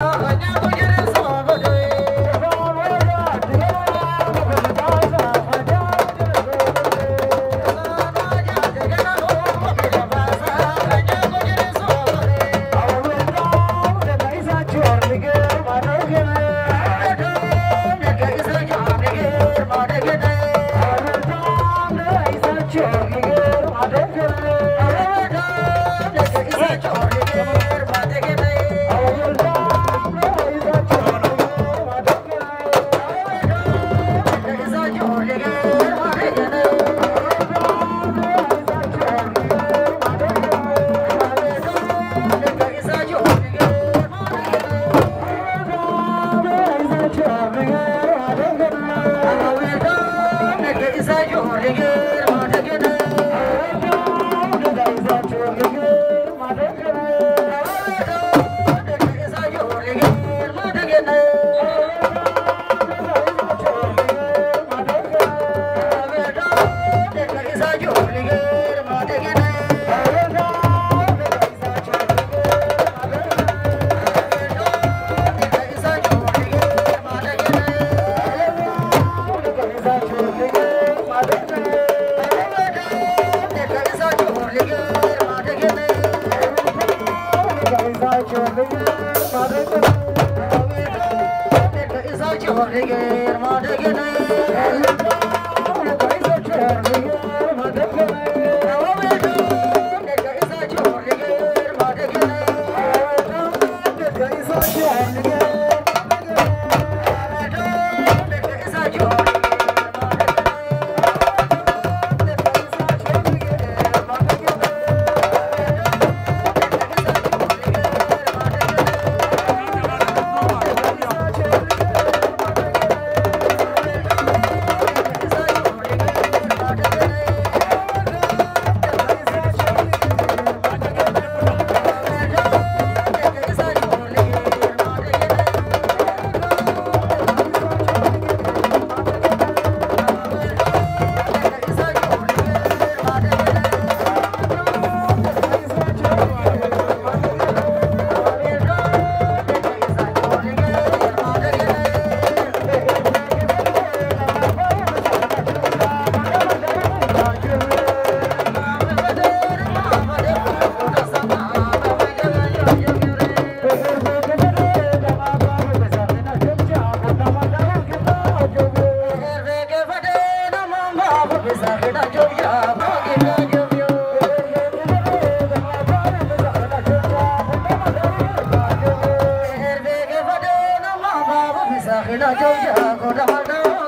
Olha Thank you. Misa khila jo ya ko da na.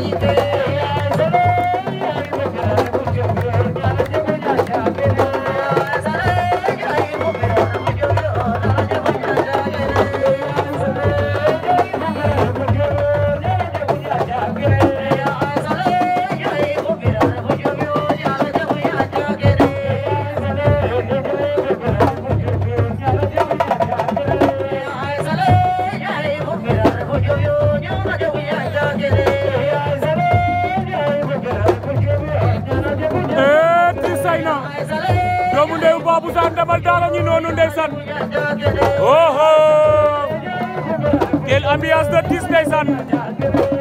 جي ته آئن ساري آئ بوکرا کي جوڙيال جي ريا Baol Dara ñu noonu ndeysaan oh oh quelle ambiance de tiis ndeysaan